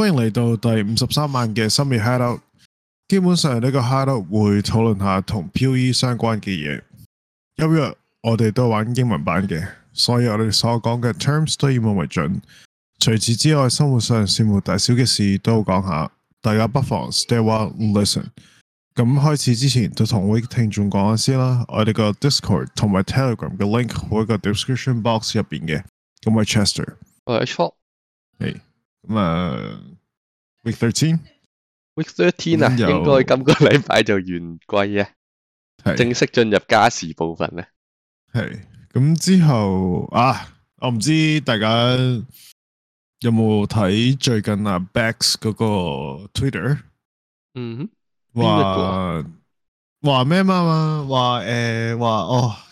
歡迎嚟到第五十三晚嘅深夜 hideout，基本上呢個 hideout 會討論下同 POE 相關嘅嘢。今日我哋都玩英文版嘅，所以我哋所講嘅 terms 都以作為準。除此之外，生活上善惡大小嘅事都講下，大家不妨 stay one and listen。咁開始之前，就同我哋聽眾講下先啦。我哋個 Discord 同埋 Telegram 嘅 link 喺個 description box 入邊嘅。咁我係 Chester。我係錯。咁啊，week thirteen，week thirteen 啊，應該今個禮拜就完季啊，係 正式進入加時部分咧，啊。係咁之後啊，我唔知大家有冇睇最近啊 Bex 嗰個 Twitter，嗯哼，話話咩嘛嘛，話誒話哦。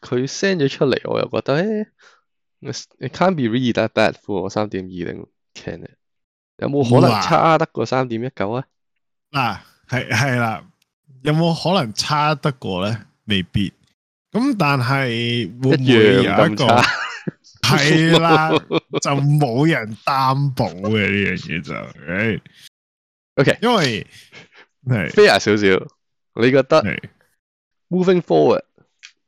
佢 send 咗出嚟，我又覺得，誒、欸，it can't be really that bad for 我三點二零 can it，有冇可能差得過三點一九啊？嗱，係係啦，有冇可能差得過咧？未必。咁但係會唔會有一個？係 是啦， 就冇人擔保嘅呢樣嘢就，OK 因為 fairer 少少，你覺得 moving forward？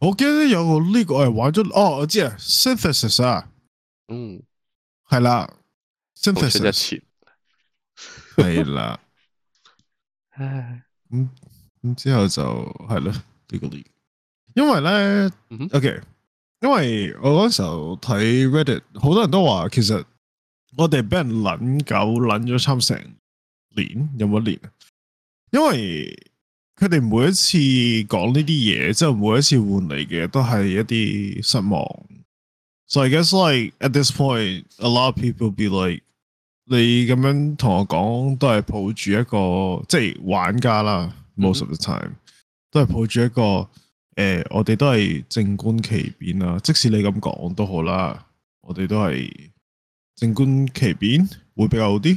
我記得有呢個係、這個哎、玩咗哦，我知啊 synthesis 啊，嗯，係啦，synthesis，係啦，唉、 嗯，嗯，咁之後就係咯呢個 league，因為咧、嗯、OK，因為我嗰陣時候睇 Reddit，好多人都話，其實我哋俾人捻狗捻咗差唔多成年，有冇一年？因為。佢哋每一次講呢啲嘢，即係每一次換嚟嘅都係一啲失望。So I guess like at this point, a lot of people be like，你咁樣同我講都係抱住一個即係玩家啦，most of the time、mm hmm. 都係抱住一個誒、呃，我哋都係靜觀其變啦、啊。即使你咁講都好啦，我哋都係靜觀其變會比較好啲。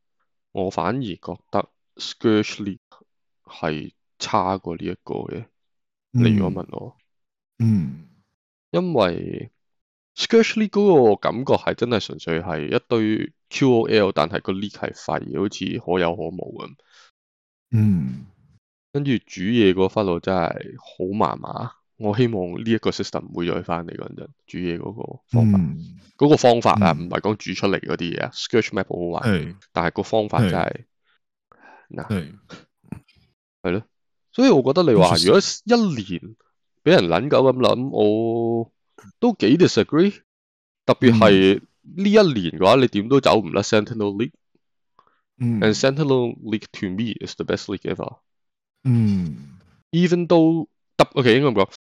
我反而覺得 Scourge league 係差過呢一個嘅、嗯。你如果問我，嗯，因為 Scourge league 嗰個感覺係真係純粹係一堆 QOL，但係個 league 係廢，好似可有可無咁。嗯，跟住煮嘢個 flow 真係好麻麻。我希望呢一個 system 唔會再翻嚟，嗰陣煮嘢嗰個方法嗰、嗯嗰個方法啊，唔係講煮出嚟嗰啲嘢啊。嗯、Scourge map 好玩，嗯、但係個方法真係嗱係咯，所以我覺得你話如果一年俾人撚狗咁諗，我都幾 disagree、嗯。特別係呢一年嘅話，你點都走唔甩 Sentinel League，and、嗯、Sentinel League to me is the best league ever 嗯。嗯，even though OK，應該講。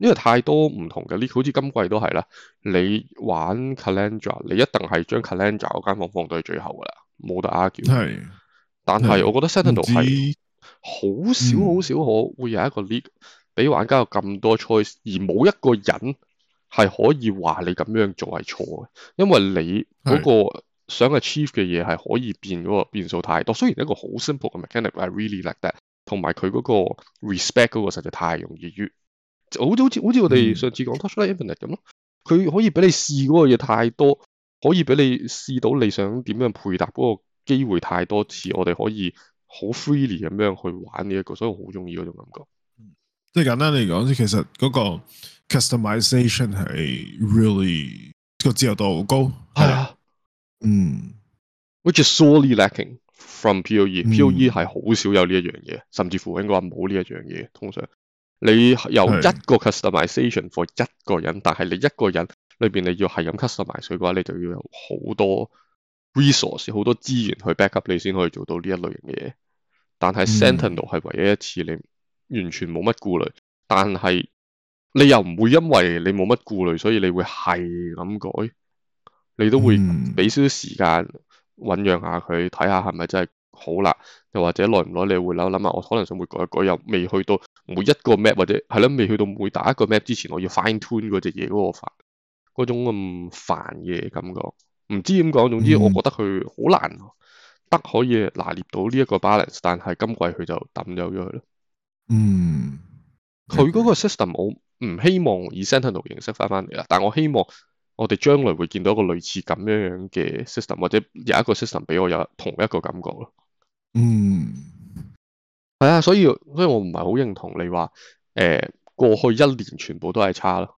因為太多唔同嘅 league，好似今季都係啦。你玩 calendar，你一定係將 calendar 嗰間房放到去最後噶啦，冇得 argue。係，但係我覺得 Sentinel 係好少好少，會有一個 league 俾、嗯、玩家有咁多 choice，而冇一個人係可以話你咁樣做係錯嘅，因為你嗰個想 achieve 嘅嘢係可以變嗰、那個變數太多。雖然一個好 simple 嘅 mechanic，I really like that。同埋佢嗰個 respect 嗰個實在太容易越。就好似好似好似我哋上次講 Touchline Infinite 咁咯，佢、嗯、可以俾你試嗰個嘢太多，可以俾你試到你想點樣配搭嗰個機會太多次，我哋可以好 freely 咁樣去玩呢、這、一個，所以我好中意嗰種感覺。即係簡單嚟講，先其實嗰個 customization 係 really 個自由度好高。係啊，嗯，which is sorely lacking from POE、嗯。POE 係好少有呢一樣嘢，甚至乎應該話冇呢一樣嘢，通常。你有一個 customization for 一個人，是但係你一個人裏面你要係咁 customize 嘅話，你就要有好多 resource 好多資源去 back up 你先可以做到呢一類型嘅嘢。但係 Sentinel 係唯一一次你完全冇乜顧慮，嗯、但係你又唔會因為你冇乜顧慮，所以你會係咁改，你都會俾少少時間醞釀下佢，睇下係咪真係。好啦，又或者耐唔耐你會諗諗下，我可能想會改一改，又未去到每一個 map 或者係咯，未去到每打一個 map 之前，我要 fine tune 嗰隻嘢嗰個煩，嗰種咁煩嘅感覺，唔知點講，總之我覺得佢好難、mm. 得可以拿捏到呢一個 balance，但係今季佢就抌走咗佢咯。嗯，佢嗰個 system 我唔希望以 sentinel 形式翻翻嚟啦，但我希望我哋將來會見到一個類似咁樣樣嘅 system，或者有一個 system 俾我有同一個感覺咯。嗯，係啊，所以所以我唔係好認同你話誒、欸、過去一年全部都係差咯。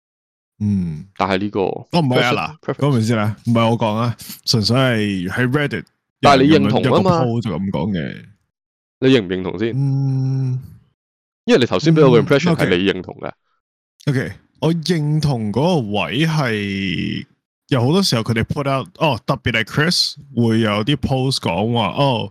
嗯，但係呢個我唔係啊嗱，講完先啦，唔係我講啊，純粹係喺 Reddit，但係你認同啊嘛，就咁講嘅。你認唔認同先？嗯，因為你頭先俾我個 impression 係、嗯 okay, 你認同嘅。O、okay, K，我認同嗰個位係有好多時候佢哋 put out，哦，特別係 Chris 會有啲 post 講話哦。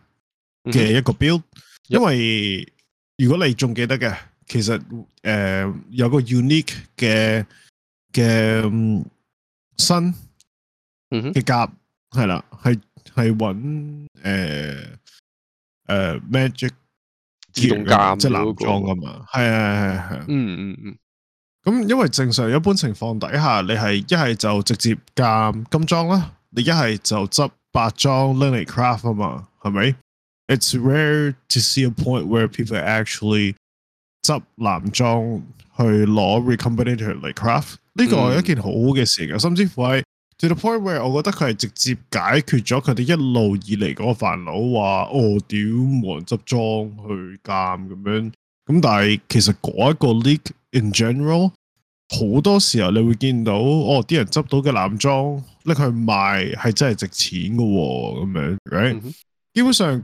嘅一個 build、mm -hmm. 因為如果你仲記得嘅，其實誒、呃、有個 unique 嘅嘅、嗯、新嘅甲係啦，係係揾誒誒 magic 自動夾即係藍裝噶嘛，係啊係係係，嗯嗯嗯，咁、mm -hmm. 因為正常一般情況底下，你係一係就直接夾金裝啦，你一係就執白裝 l i n i t e craft 啊嘛，係咪？It's rare to see a point where people actually 執藍裝去攞 recombinator 嚟 craft，呢個係一件好嘅事嘅，甚至乎係 to the point where 我覺得佢係直接解決咗佢哋一路以嚟嗰個煩惱，話哦，點冇人執裝去鑑咁樣。咁但係其實嗰一個 league in general 好多時候你會見到哦，啲人執到嘅藍裝拎去賣係真係值錢嘅喎，咁樣，right？基本上。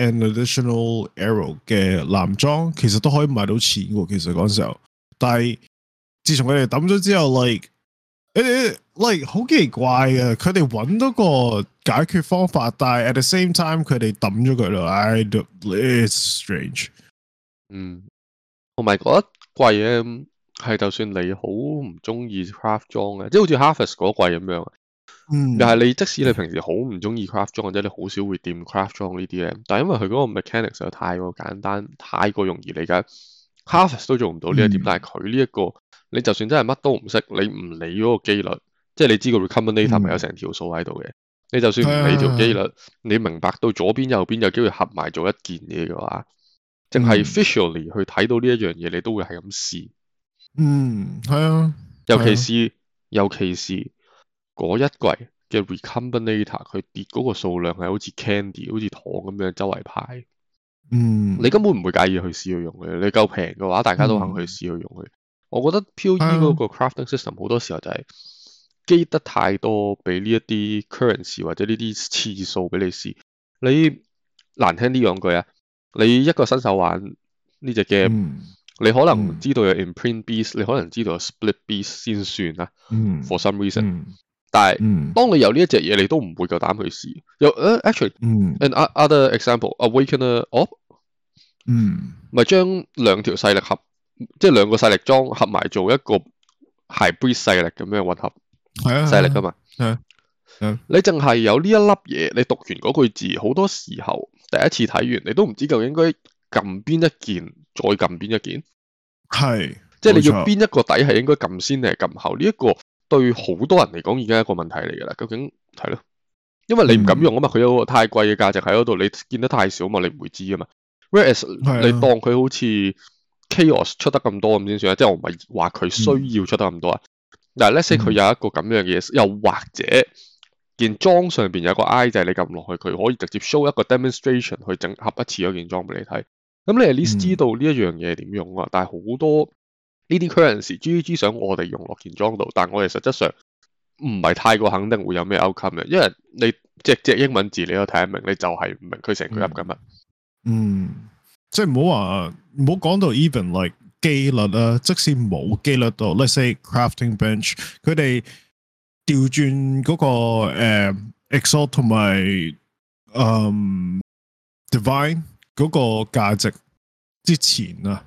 An additional arrow 嘅男裝其實都可以買到錢嘅，其實嗰陣時候。但係自從佢哋抌咗之後，like, like 好奇怪啊！佢哋揾到個解決方法，但係 at the same time 佢哋抌咗佢咯。Like, I don't believe strange。嗯，同埋嗰一季嘅係，就算你好唔中意 craft 裝嘅，即係好似 Harvest 嗰季咁樣又係你，即使你平時好唔中意 craft 裝或者你好少會掂 craft 裝呢啲咧，但係因為佢嗰個 mechanics 又太過簡單，太過容易理解 Harvest 都做唔到呢一點。嗯、但係佢呢一個，你就算真係乜都唔識，你唔理嗰個機率，即係你知道個 recommendator 咪有成條數喺度嘅，你就算唔理條機率、嗯，你明白到左邊右邊有機會合埋做一件嘢嘅話，淨、嗯、係 visually 去睇到呢一樣嘢，你都會係咁試。嗯，係、嗯、啊、嗯嗯嗯嗯，尤其是，尤其是。嗰一季嘅 recombinator 佢跌嗰個數量係好似 candy 好似糖咁樣周圍派，嗯，你根本唔會介意去試去用嘅，你夠平嘅話，大家都肯去試去用嘅、嗯。我覺得 POE 嗰個 crafting system 好多時候就係機得太多俾呢一啲 currency 或者呢啲次數俾你試。你難聽啲講句啊，你一個新手玩呢隻、這個、game，、嗯、你可能知道有 imprint beast，、嗯、你可能知道有 split beast 先算啦、啊嗯。For some reason。嗯但係、嗯，當你有呢一隻嘢，你都唔會夠膽去試。有誒、uh，actually，an、嗯、other example，Awakener 哦，嗯，咪將兩條勢力合，即係兩個勢力裝合埋做一個 hybrid 勢力咁樣的混合，係啊，勢力噶嘛、啊啊啊，你淨係有呢一粒嘢，你讀完嗰句字，好多時候第一次睇完，你都唔知究竟應該撳邊一件，再撳邊一件，係，即係你要邊一個底係應該撳先定係撳後呢一、這個？對好多人嚟講，而家一個問題嚟噶啦，究竟係咯？因為你唔敢用啊嘛，佢、嗯、有個太貴嘅價值喺嗰度，你見得太少啊嘛，你唔會知啊嘛。Whereas、嗯、你當佢好似 chaos 出得咁多咁先算即係我唔係話佢需要出得咁多啊、嗯。但係 let’s say 佢有一個咁樣嘅嘢、嗯，又或者件裝上邊有個 I，就係你撳落去，佢可以直接 show 一個 demonstration 去整合一次嗰件裝俾你睇。咁你哋呢知道呢一樣嘢點用啊、嗯？但係好多。呢啲 currency GG 想我哋用落件裝度，但係我哋實質上唔係太過肯定會有咩 outcome 嘅，因為你只隻英文字你都睇得明，你就係唔明佢成句入咁啊。嗯，即係唔好話，唔好講到 even like 機率啊，即使冇機率度，let's say crafting bench，佢哋調轉嗰個、uh, exalt 同埋嗯、um, divine 嗰個價值之前啊。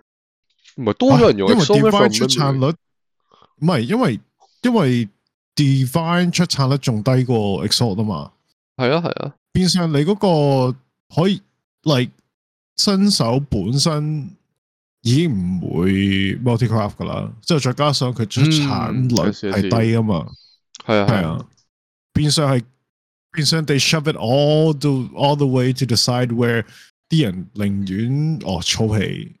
唔係多人用，啊，因為 Divine 出產率唔係因為，因為 Divine 出產率仲低過 Exalt 啊嘛，係咯係咯，變相你嗰個可以嚟新，like, 手本身已經唔會 multicraft 噶啦，之後再加上佢出產率係、嗯、低啊嘛，係啊係啊，變相係變相，they shove it all the all the way to the side where 啲人寧願哦粗氣。粗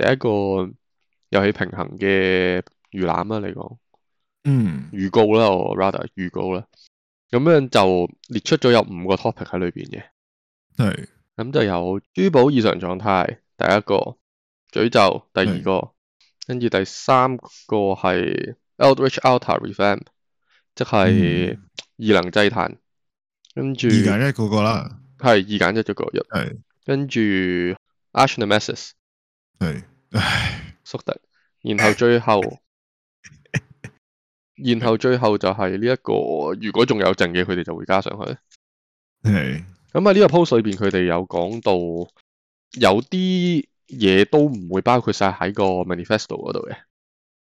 第一個遊戲平衡嘅預覽啊，嚟講，嗯，預告啦，我 rather 預告啦，咁樣就列出咗有五個 topic 喺裏邊嘅，係，咁就有珠寶異常狀態，第一個，詛咒，第二個，跟住第三個係 Eldritch Altar Revamp，嗯、即係異能祭壇，跟住二揀一個啦，係二揀一個一個一，個一個，係，跟住 Archnemesis，係。唉，縮突，然後最後， 然後最後就係呢一個，如果仲有剩嘅，佢哋就會加上去。係，咁啊呢個 post 裏邊佢哋有講到，有啲嘢都唔會包括晒喺個 manifesto 嗰度嘅。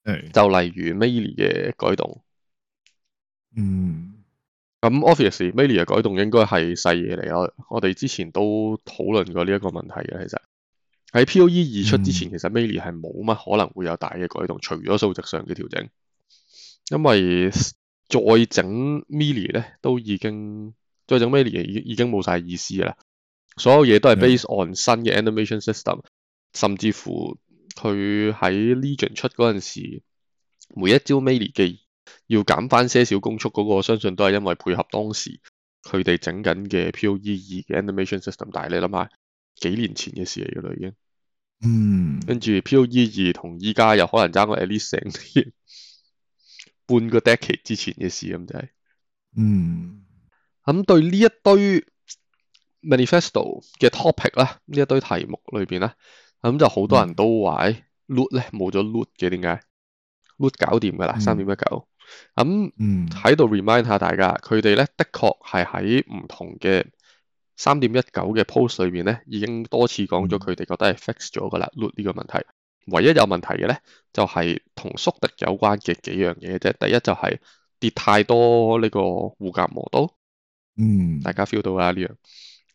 就例如 melee 嘅改動。嗯，咁 obviously，melee 嘅改動應該係細嘢嚟，我我哋之前都討論過呢一個問題嘅，其實。喺 POE 二出之前，嗯、其實 melee 係冇乜可能會有大嘅改動，除咗數值上嘅調整。因為再整 melee 咧，都已經再整 melee 已已經冇晒意思啦。所有嘢都係 base on 新嘅 animation system，甚至乎佢喺 Legion 出嗰陣時候，每一招 melee 嘅要減翻些少攻速、嗰個，個，我相信都係因為配合當時佢哋整緊嘅 POE 二嘅 animation system 但想想。但係你諗下，幾年前嘅事嚟噶啦，已經。嗯，跟住 POE 二同依家又可能爭個 at least 成半個 decade 之前嘅事咁就係、是，嗯，咁對呢一堆 manifesto 嘅 topic 啦，呢一堆題目裏邊呢，咁就好多人都話 loot 咧冇咗 loot 嘅點解 loot 搞掂噶啦三點一九，咁喺度 remind 下大家，佢哋咧的確係喺唔同嘅。三點一九嘅 post 裏面咧，已經多次講咗佢哋覺得係 fix 咗噶啦 loot 呢個問題。唯一有問題嘅咧，就係同縮突有關嘅幾樣嘢啫。第一就係跌太多呢個護甲磨刀，嗯，大家 feel 到啦呢樣。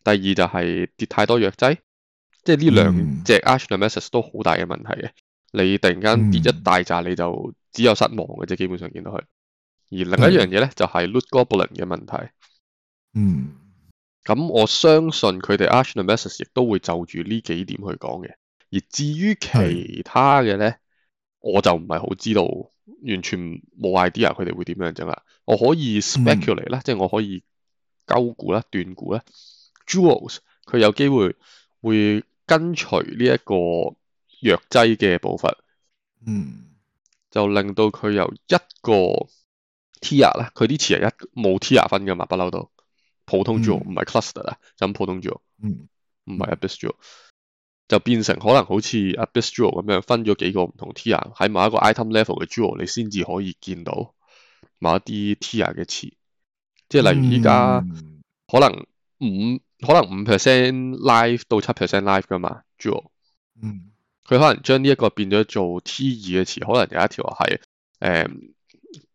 第二就係跌太多藥劑，嗯、即係呢兩隻 Archnemesis 都好大嘅問題嘅。你突然間跌一大扎，你就只有失望嘅啫。基本上見到佢。而另一樣嘢咧，就係、是、loot goblin 嘅問題，嗯。咁我相信佢哋 Archimedes 亦都會就住呢幾點去講嘅，而至於其他嘅咧，我就唔係好知道，完全冇 idea 佢哋會點樣整啦。我可以 speculate 啦、嗯，即係我可以勾估啦、斷估啦。Jewels、嗯、佢有機會會跟隨呢一個藥劑嘅步伐，嗯，就令到佢由一個 tier 啦，佢啲次係一冇 tier 分嘅嘛，不嬲都。普通 j 唔係 cluster 啊，就普通 j 唔係 abs j e 就變成可能好似 abs j e 咁樣分咗幾個唔同 t 啊，喺某一個 item level 嘅 j 你先至可以見到某一啲 t 嘅詞，即係例如依家、嗯、可能五可能五 percent live 到七 percent live 噶嘛 j 佢、嗯、可能將呢一個變咗做 t 二嘅詞，可能有一條係誒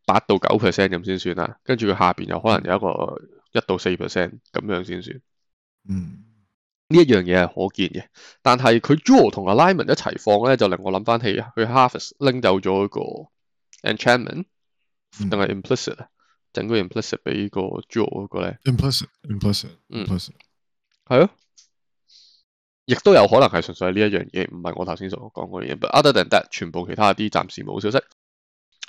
八到九 percent 咁先算啦，跟住佢下面又可能有一個。嗯一到四 percent 咁樣先算，嗯，呢一樣嘢係可見嘅，但係佢 Jo 同阿 Lyman 一齊放咧，就令我諗翻起佢 Harvest 拎走咗一個 Enchantment，定、嗯、係 Implicit，整個 Implicit 俾個 Jo 嗰個咧，Implicit，Implicit，Implicit，係咯，亦、嗯啊、都有可能係純粹係呢一樣嘢，唔係我頭先所講嗰樣 But other than that，全部其他啲暫時冇消息，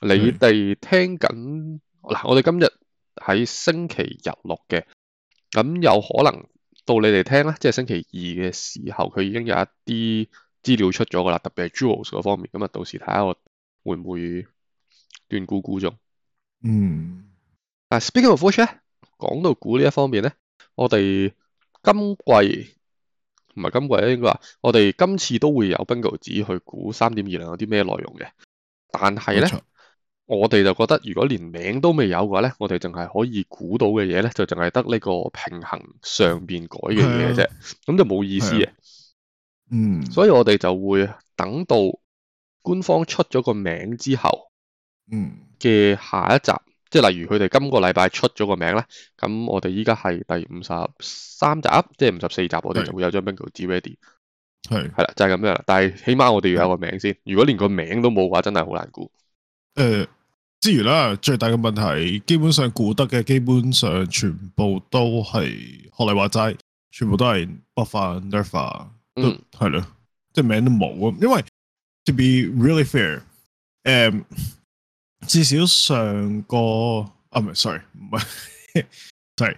你哋聽緊嗱，我哋今日。喺星期日錄嘅，咁有可能到你哋聽啦，即係星期二嘅時候，佢已經有一啲資料出咗噶啦，特別係 Jewels 嗰方面，咁啊到時睇下我會唔會斷估估中。嗯，啊、uh,，Speaking of which 咧，講到估呢一方面咧，我哋今季唔係今季咧，應該話我哋今次都會有 bingo 紙去估三點二零有啲咩內容嘅，但係咧。我哋就覺得，如果連名都未有嘅話咧，我哋淨係可以估到嘅嘢咧，就淨係得呢個平衡上邊改嘅嘢啫，咁、啊、就冇意思嘅、啊。嗯，所以我哋就會等到官方出咗個名之後，嗯嘅下一集，即、嗯、係例如佢哋今個禮拜出咗個名咧，咁我哋依家係第五十三集，即係五十四集，我哋就會有張 bingo ready、啊。係係啦，就係、是、咁樣啦。但係起碼我哋要有個名先，如果連個名都冇嘅話，真係好難估。誒、呃。之餘啦、啊，最大嘅問題，基本上估得嘅，基本上全部都係學你話齋，全部都係 buff、nerf，都係咧，即、嗯、係名都冇啊。因為 to be really fair，誒、um,，至少上個啊，唔係，sorry，唔係 sorry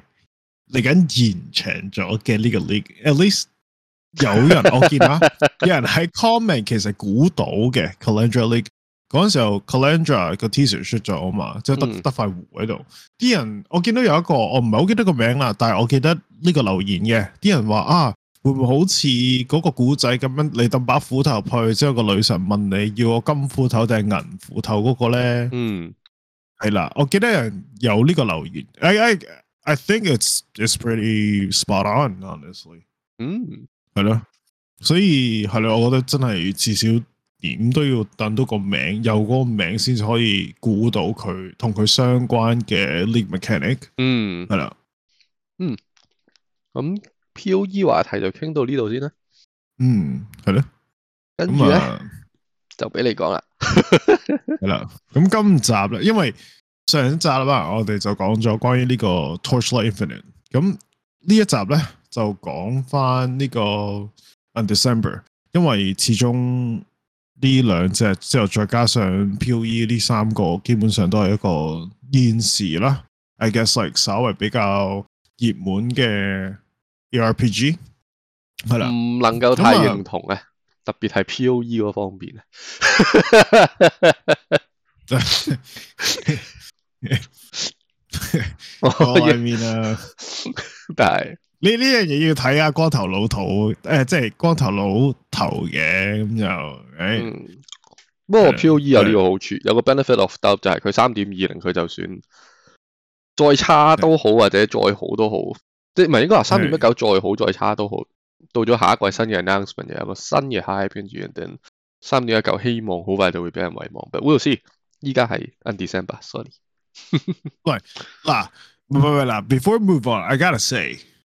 嚟緊延長咗嘅呢個 league，at least 有人 我見啊，有人喺 comment 其實估到嘅 Kalandra league。嗰陣時候，Calandra 個 teaser 出咗啊嘛，即係得得塊糊喺度。啲人我見到有一個，我唔係好記得個名啦，但係我記得呢個留言嘅。啲人話啊，會唔會好似嗰個古仔咁樣，你抌把斧頭去，之後個女神問你要我金斧頭定係銀斧頭嗰個咧？嗯，係啦，我記得人有呢個留言。I I I think it's it's pretty spot on, honestly。嗯，係咯，所以係咯，我覺得真係至少。點都要等到個名有嗰個名先至可以估到佢同佢相關嘅 lead mechanic，嗯，係啦，嗯，咁 POE 話題就傾到呢度先啦，嗯，係咯，跟住咧就俾你講啦，係 啦，咁今集咧，因為上一集啦嘛，我哋就講咗關於呢個 torchlight infinite，咁呢一集咧就講翻呢個 Undecember，因為始終。呢兩隻之後，再加上 POE 呢三個，基本上都係一個現時啦。I guess like 稍微比較熱門嘅 ARPG 係啦，唔能夠太認同嘅、嗯啊，特別係 POE 嗰方面。啊，但係。你呢樣嘢要睇下光頭老土誒、呃，即係光頭佬頭嘅咁就誒。不、嗯、過、嗯、P.O.E 有呢個好處，嗯、有個 benefit of doubt 就係佢三點二零，佢就算再差都好、嗯，或者再好都好，即係唔係應該話三點一九再好再差都好。嗯、到咗下一季一個新嘅 announcement 又有個新嘅 high，point 跟住人哋三點一九希望好快就會俾人遺忘。But，w i l、we'll、老師依家係 Undecember，sorry 喂，啦，唔好啦，Before move on，I gotta say。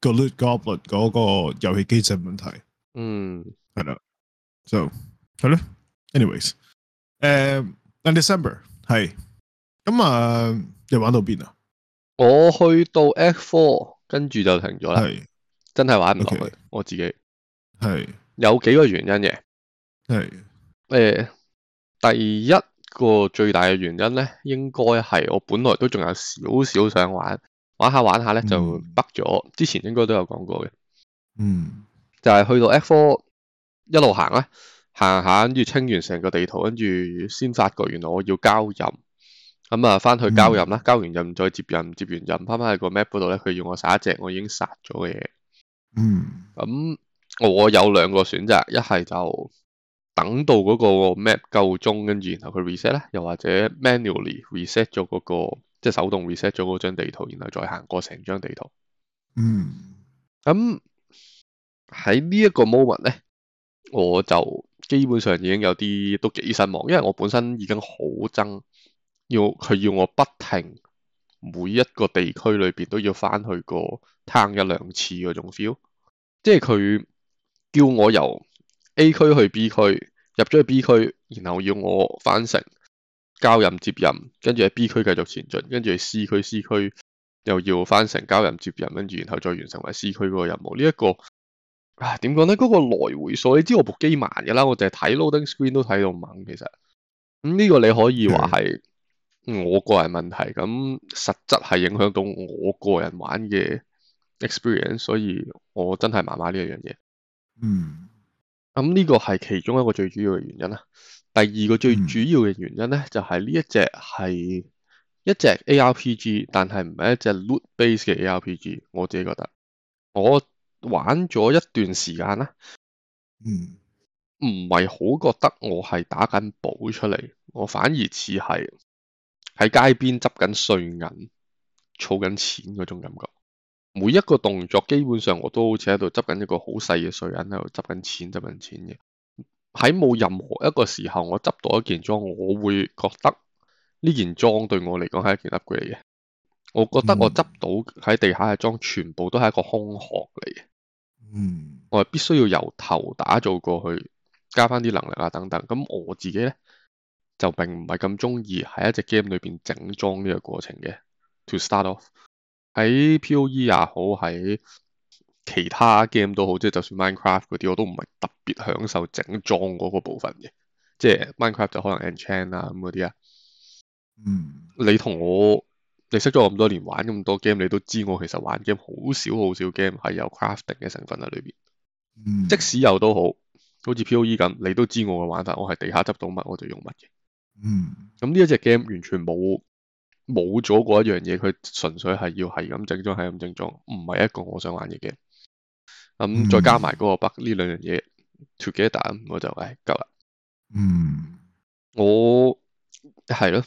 個綠 Goblin 嗰個遊戲機制問題，嗯，係啦，就係咯。Anyways，誒，Undecember 係咁啊，uh, 你玩到邊啊？我去到 F Four，跟住就停咗啦。係，真係玩唔落去。Okay, 我自己係有幾個原因嘅，係誒、呃，第一個最大嘅原因咧，應該係我本來都仲有少少想玩。玩下玩下咧就 bug 咗、嗯，之前應該都有講過嘅。嗯，就係、是、去到 F4 一路行啦，行下跟住清完成個地圖，跟住先發覺原來我要交任。咁啊，翻去交任啦、嗯，交完任再接任，接完任，返返去個 map 度咧，佢要我殺一隻我已經殺咗嘅嘢。嗯。咁我有兩個選擇，一係就等到嗰個 map 夠鐘，跟住然後佢 reset 咧，又或者 manually reset 咗嗰、那個。即係手動 reset 咗嗰張地圖，然後再行過成張地圖。嗯，咁喺呢一個 moment 咧，我就基本上已經有啲都幾失望，因為我本身已經好憎，要佢要我不停每一個地區裏邊都要翻去過探一兩次嗰種 feel，即係佢叫我由 A 區去 B 區，入咗去了 B 區，然後要我翻城，交任接任，跟住喺 B 區繼續前進，跟住 C 區 C 區又要返成交任接任，跟住然後再完成埋 C 區嗰個任務。這個、怎麼說呢一個啊，點講咧？嗰個來回數你知我部機慢嘅啦，我淨係睇 loading screen 都睇到猛。其實咁呢、嗯這個你可以話係我個人問題，咁 實質係影響到我個人玩嘅 experience。所以我真係麻麻呢一樣嘢。嗯，咁、嗯、呢、這個係其中一個最主要嘅原因啦。第二個最主要嘅原因咧，就係、是、呢一隻係一隻 A R P G，但係唔係一隻 loot base 嘅 A R P G。我自己覺得，我玩咗一段時間啦，唔唔係好覺得我係打緊寶出嚟，我反而似係喺街邊執緊碎銀、儲緊錢嗰種感覺。每一個動作基本上我都好似喺度執緊一個好細嘅碎銀，喺度執緊錢、執緊錢嘅。喺冇任何一個時候，我執到一件裝，我會覺得呢件裝對我嚟講係一件 upgrade 嘅。我覺得我執到喺地下嘅裝，全部都係一個空殼嚟嘅。嗯，我係必須要由頭打造過去，加返啲能力啊等等。咁我自己咧就並唔係咁中意喺一隻 game 裏邊整裝呢個過程嘅。To start off，喺 POE 也好，喺其他 game 都好，即係就算 Minecraft 嗰啲，我都唔係特別享受整裝嗰個部分嘅，即係 Minecraft 就可能 Enchant 啊咁嗰啲啊，嗯，你同我，你識咗我咁多年，玩咁多 game，你都知我其實玩 game 好少好少 game 係有 crafting 嘅成分喺裏邊，嗯，即使有都好，好似 POE 咁，你都知我嘅玩法，我係地下執到乜我就用乜嘢。嗯，咁呢一隻 game 完全冇冇咗嗰一樣嘢，佢純粹係要係咁整裝係咁整裝，唔係一個我想玩嘅 game，咁再加埋嗰個 bug 呢兩樣嘢。脫幾多蛋我就誒夠啦，嗯，我係咯，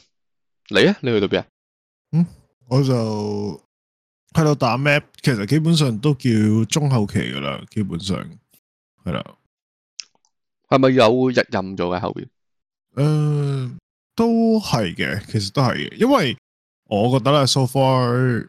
你啊，你去到邊啊？嗯，我就喺度打 map，其實基本上都叫中後期噶啦，基本上係啦，係咪有日任咗喺後邊？誒、嗯，都係嘅，其實都係嘅，因為我覺得咧 so far。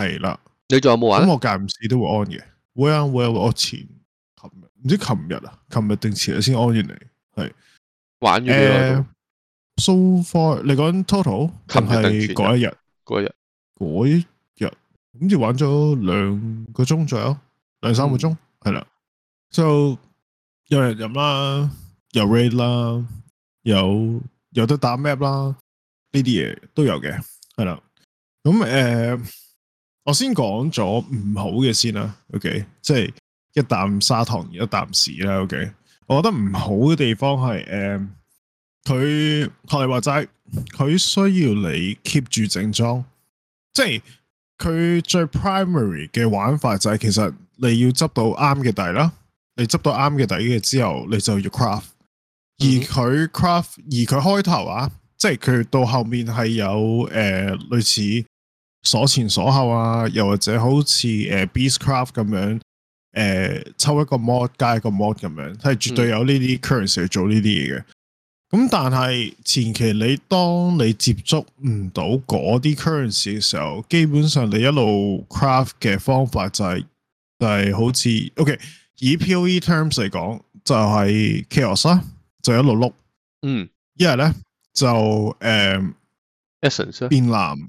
係啦，你仲有冇玩？咁我間唔時都會安嘅，會安會安。我前琴日唔知琴日啊，琴日定前日先安完嚟。係玩完 so far 你講 total 係嗰一日，嗰日嗰日，咁就玩咗兩個鐘左右，兩三個鐘係啦。就、嗯、有人飲啦，又 read 啦，有有,有得打 map 啦，呢啲嘢都有嘅，係啦。咁誒。Uh, 我先講咗唔好嘅先啦，OK，即係一啖砂糖一，一啖屎啦，OK。我覺得唔好嘅地方係誒，佢學你話齋，佢需要你 keep 住正裝，即係佢最 primary 嘅玩法就係、是、其實你要執到啱嘅底啦，你執到啱嘅底嘅之後，你就要 craft，而佢 craft，而佢開頭啊，即係佢到後面係有誒、呃、類似。鎖前鎖後啊，又或者好似 beastcraft 咁樣誒、呃，抽一個 mod 加一個 mod 咁樣，係絕對有呢啲 currency、嗯、去做呢啲嘢嘅。咁但係前期你當你接觸唔到嗰啲 currency 嘅時候，基本上你一路 craft 嘅方法就係、係、就係、好似 OK 以 POE terms 嚟講，就係、係、chaos 啦，就一路碌。嗯，一係咧就誒 essence、嗯 right. 變藍。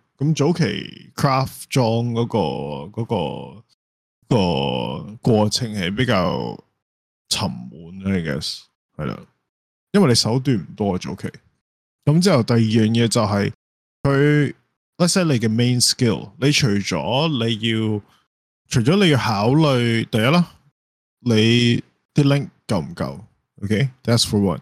咁早期 craft 裝嗰、嗰個嗰、嗰個、嗰個過程係比較沉悶，I guess 係啦，因為你手段唔多啊。早期咁之後第二樣嘢就係、是、佢，let's say 你嘅 main skill。你除咗你要，除咗你要考慮第一啦，你啲 link 夠唔夠 OK, that's for one。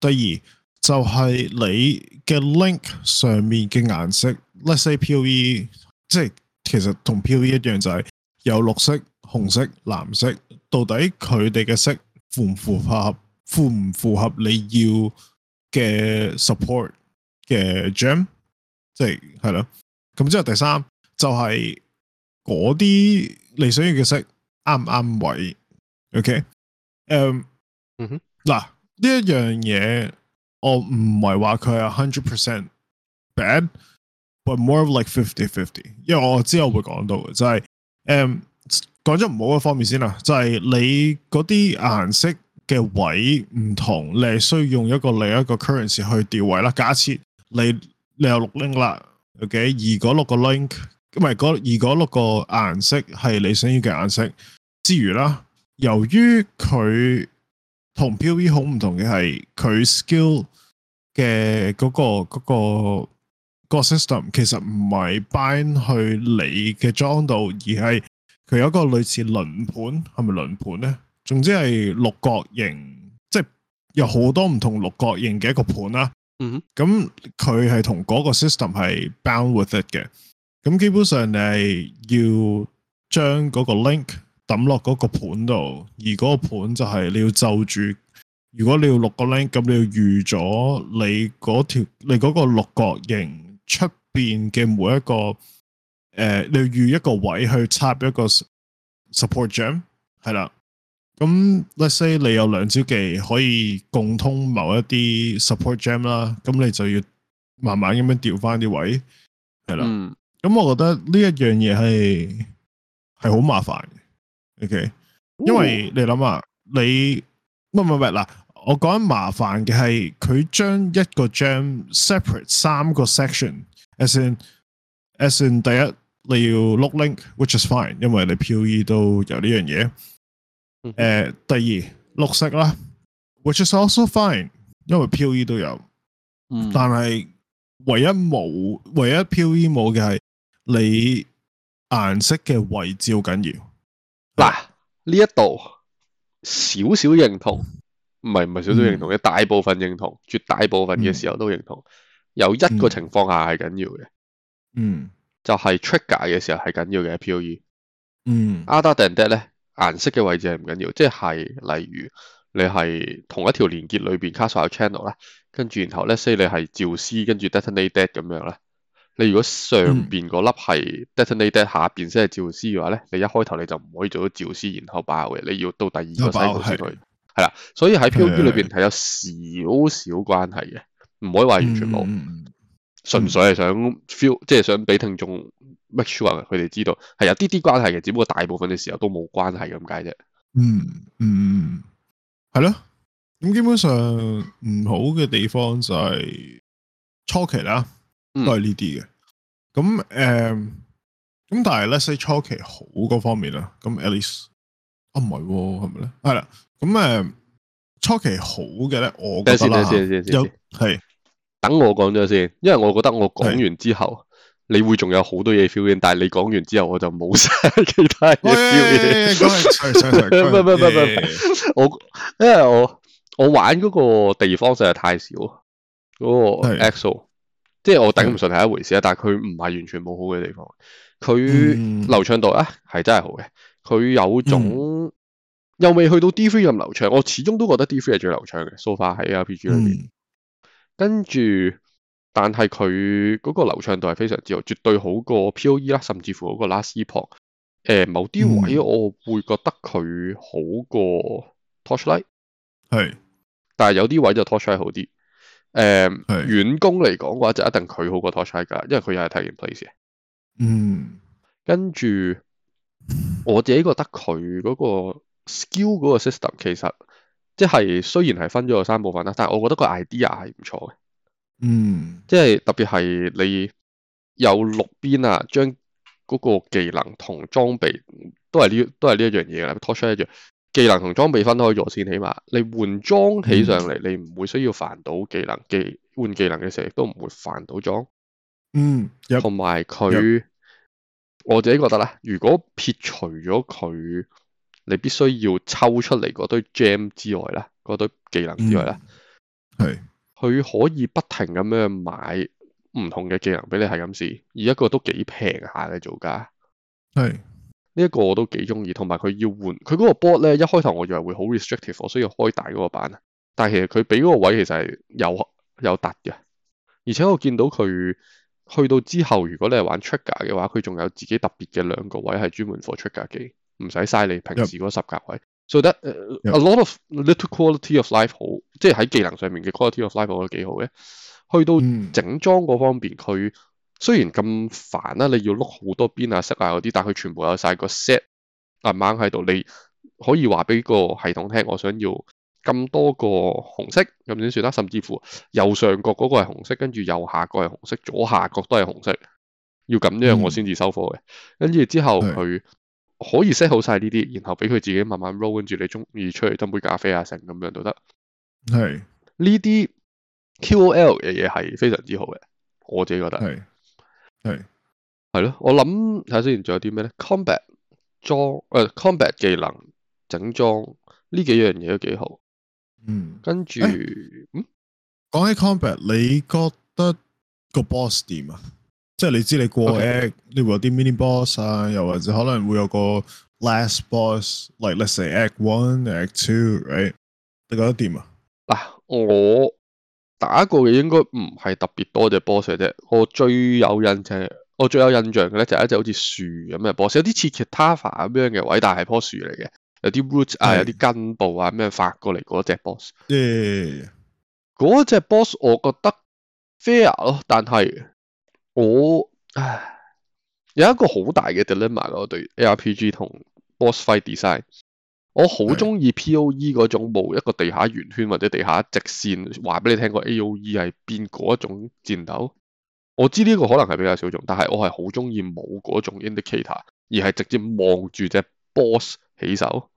第二就係、是、你嘅 link 上面嘅顏色。let's say POE 即係其實同 POE 一樣就係、是、有綠色、紅色、藍色，到底佢哋嘅色符唔符合？符唔符合你要嘅 support 嘅 gem？即係係咯。咁之後第三就係嗰啲你想要嘅色啱唔啱位？OK？、Um, 嗯，嗱呢一樣嘢我唔係話佢係 hundred percent bad。Ban, But more of like fifty-fifty，因為我之後會講到嘅就係誒講咗唔好嘅方面先啦，就係、是、你嗰啲顏色嘅位唔同，你係需要用一個另一個 currency 去調位啦。假設你你有六 link 啦，O.K. 如果六個 link，唔係嗰如果六個顏色係你想要嘅顏色之餘啦，由於佢同 POE 好唔同嘅係佢 skill 嘅嗰個嗰個。那個個 system 其實唔係 bind 去你嘅裝度，而係佢有一個類似輪盤，係咪輪盤咧？總之係六角形，即係有好多唔同六角形嘅一個盤啦。嗯，咁佢係同嗰個 system 係 bound with it 嘅。咁基本上你係要將嗰個 link 抌落嗰個盤度，而嗰個盤就係你要就住。如果你要六個 link，咁你要預咗你嗰條你嗰個六角形。出邊嘅每一個，誒、呃，你預一個位去插一個 support gem，係啦。咁 let's say 你有兩招技可以共通某一啲 support gem 啦，咁你就要慢慢咁樣調翻啲位，係啦。咁、嗯、我覺得呢一樣嘢係係好麻煩，ok。因為你諗下，你乜唔唔，啦。別別別我講緊麻煩嘅係佢將一個 Gem separate 三個 section，as in as in 第一你要 lock link，which is fine，因為你 POE 都有呢樣嘢。誒、嗯，第二綠色啦，which is also fine，因為 POE 都有。嗯、但係唯一冇，唯一 POE 冇嘅係你顏色嘅位置好緊要。嗱，呢一度少少認同。唔係唔係少少認同嘅、嗯、大部分認同絕大部分嘅時候都認同、嗯。有一個情況下係緊要嘅。嗯就係、是、trigger 嘅時候係緊要嘅 POE。嗯 ,Other than that 呢顏色嘅位置係唔緊要即係例如你係同一條連結裏面卡塞有 channel 啦跟住然後呢 ,say 你係趙斯跟住 Detonate Dead 咁樣啦。你如果上面個粒係 Detonate Dead 下面先係趙斯嘅話呢你一開頭你就唔可以做到趙斯然後爆嘅。你要到第二個粒去。係啦，所以喺 POE 裏邊係有少少關係嘅，唔可以話完全冇，純、嗯、粹係想 feel，即係想俾聽眾 make sure 佢哋知道係有啲啲關係嘅，只不過大部分嘅時候都冇關係咁解啫。嗯嗯，係咯，咁基本上唔好嘅地方就係初期啦，都係、嗯呃、呢啲嘅。咁誒，咁但係咧，雖然初期好嗰方面啦，咁 at least 啊唔係喎，係咪咧？係啦。咁誒，初期好嘅咧，我睇先先先先，係等我講咗先，因為我覺得我講完之後，你會仲有好多嘢 feeling，但係你講完之後我就冇晒其他嘢 feeling。 Yeah. 唔係唔係唔係，我因為我我玩嗰個地方實在太少，嗰、那個 XO，即係我頂唔順係一回事啊、嗯，但係佢唔係完全冇好嘅地方，佢流暢度係、啊、係、嗯、真係好嘅，佢有種、嗯。又未去到 D3 咁流暢，我始終都覺得 D3 係最流暢嘅。So far 喺 RPG 裏面，跟、嗯、住，但係佢嗰個流暢度係非常之好，絕對好過 POE 啦，甚至乎嗰個 Last Epoch、呃。某啲位我會覺得佢好過 Torchlight 係，但係有啲位就 Torchlight 好啲。誒、呃，遠攻嚟講嘅話就一定佢好過 Torchlight 㗎，因為佢又係 Titan Place 嗯，跟住我自己覺得佢嗰、那個。Skill 嗰個 system 其實即係雖然係分咗有三部分啦，但係我覺得個 idea 係唔錯嘅。嗯，即係特別係你有六邊啊，將嗰個技能同裝備都係呢、這個、都係呢一樣嘢啦。拖出一樣，技能同裝備分開咗先，起碼你換裝起上嚟、嗯，你唔會需要煩到技能技換技能嘅時候，亦都唔會煩到裝。嗯，同埋佢我自己覺得啦，如果撇除咗佢。你必須要抽出嚟嗰堆 gem 之外咧，嗰堆技能之外咧，係、嗯、佢可以不停咁樣買唔同嘅技能俾你係咁試，而一個都幾平下嘅造價，係呢一個我都幾中意，同埋佢要換佢嗰個 board 咧，一開頭我以為會好 restrictive，我需要開大嗰個版，但係其實佢俾嗰個位其實係有有凸嘅，而且我見到佢去到之後，如果你係玩 trigger 嘅話，佢仲有自己特別嘅兩個位係專門 for trigger 機。唔使嘥你平時嗰十格位、yep，so t、uh, a lot of little quality of life 好，即係喺技能上面嘅 quality of life 我都幾好嘅。去到整裝嗰方面，佢、嗯、雖然咁煩啦，你要碌好多邊啊色啊嗰啲，但係佢全部有晒個 set 啊棒喺度，你可以話俾個系統聽，我想要咁多個紅色咁先算啦。甚至乎右上角嗰個係紅色，跟住右下角係紅色，左下角都係紅色，要咁樣我先至收貨嘅、嗯。跟住之後佢。可以 set 好晒呢啲，然後俾佢自己慢慢 roll 跟住你中意出去斟杯咖啡啊成咁樣都得。係呢啲 QOL 嘅嘢係非常之好嘅，我自己覺得係係係咯。我諗睇下先，仲有啲咩咧？Combat 裝誒、呃、，Combat 技能整裝呢幾樣嘢都幾好。嗯，跟住嗯，講起 Combat，你覺得個 Boss 點呀？即係你知你過 act、okay. 你會有啲 mini boss 啊，又或者可能會有個 last boss，like let's say act one, act two，right？你覺得點啊？嗱、啊，我打過嘅應該唔係特別多隻 boss 啫。我最有印象，我最有印象嘅咧就一隻好似樹咁嘅 boss，有啲似 Kitava 咁樣嘅，但係係棵樹嚟嘅，有啲 root 啊，有啲根部啊咩發過嚟嗰隻 boss。隻、yeah. boss 我覺得 fair 咯，但係。我唉，有一個好大嘅 dilemma 對 ARPG 同 boss fight design 我 POE。我好中意 POE 嗰種冇一個地下圓圈或者地下直線。話俾你聽，個 AOE 係邊嗰一種戰鬥？我知呢個可能係比較小眾，但係我係好中意冇嗰種 indicator，而係直接望住隻 boss 起手。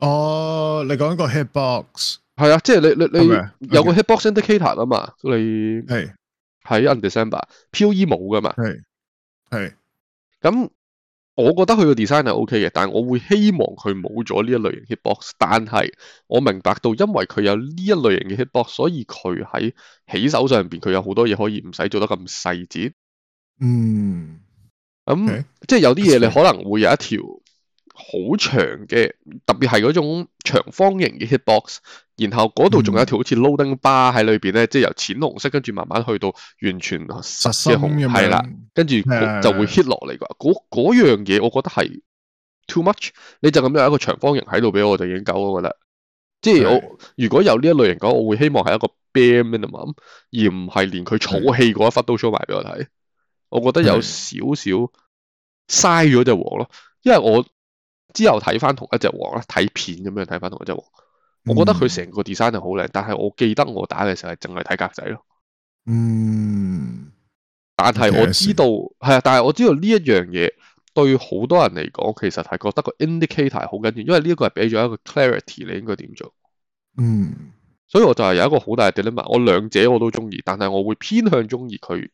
哦，你講一個 hitbox，係啊，即係你你你有個 hitbox indicator 啊嘛，okay. 你係。喺 Undecember，POE 冇噶嘛？係係。咁我覺得佢個 design 係 OK 嘅，但係我會希望佢冇咗呢一類型 hitbox。但係我明白到，因為佢有呢一類型嘅 hitbox，所以佢喺起手上邊佢有好多嘢可以唔使做得咁細節。嗯。咁、okay. 即係有啲嘢你可能會有一條。好長嘅，特別係嗰種長方形嘅 hit box，然後嗰度仲有一條好似 loading bar 喺裏邊咧，即、嗯、係、就是、由淺紅色跟住慢慢去到完全紅實心樣，係啦，跟住就,就會 hit 落嚟噶。嗰嗰樣嘢，我覺得係 too much。你就咁樣有一個長方形喺度俾我，我就已經夠咁噶啦。即係我如果有呢一類型講，我會希望係一個 bare minimum 而唔係連佢儲氣嗰一忽都 show 埋俾我睇。我覺得有少少嘥咗隻黃咯，因為我。之後睇翻同一隻王啦，睇片咁樣睇翻同一隻王，我覺得佢成個 design 係好靚，但係我記得我打嘅時候係淨係睇格仔咯。嗯，但係我知道係啊，但係我知道呢一樣嘢對好多人嚟講，其實係覺得個 indicator 好緊要，因為呢一個係俾咗一個 clarity 你應該點做。嗯，所以我就係有一個好大嘅 difference 我兩者我都中意，但係我會偏向中意佢。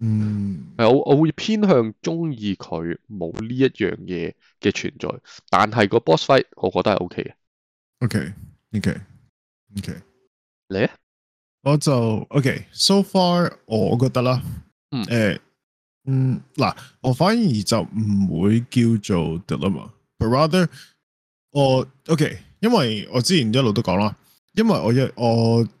嗯，係我我會偏向中意佢冇呢一樣嘢嘅存在，但係個 boss fight 我覺得係 O K 嘅。O K，O K，O K，你咧？我就 O K，so far 我覺得啦。嗯，誒、欸，嗯，嗱，我反而就唔會叫做 dilemma，but rather 我 O K，因為我之前一路都講啦，因為我一我。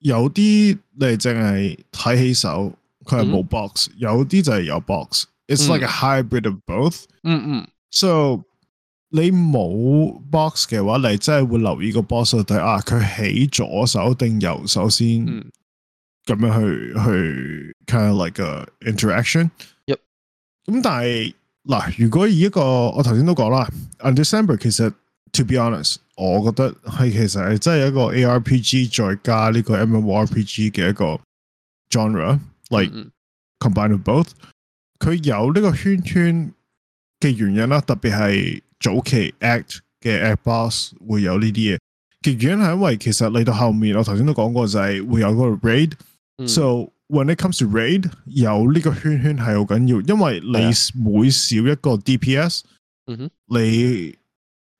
有啲你淨係睇起手，佢係冇 box；有啲就係有 box。It's like a hybrid of both。嗯嗯。So 你冇 box 嘅話，你真係會留意個 box 到底啊，佢起左手定右手先？嗯。咁樣去去睇下 like 個 interaction。Yup。咁但係嗱，如果以一個我頭先都講啦，Undecember 其實。To be honest，我覺得係其實係真係一個 ARPG 再加呢個 MMORPG 嘅一個 genre，like combine both。佢有呢個圈圈嘅原因啦，特別係早期 act 嘅 act boss 會有呢啲嘢。嘅原因係因為其實嚟到後面，我頭先都講過就係會有個 raid。So when it comes to raid，有呢個圈圈係好緊要，因為你每少一個 DPS，你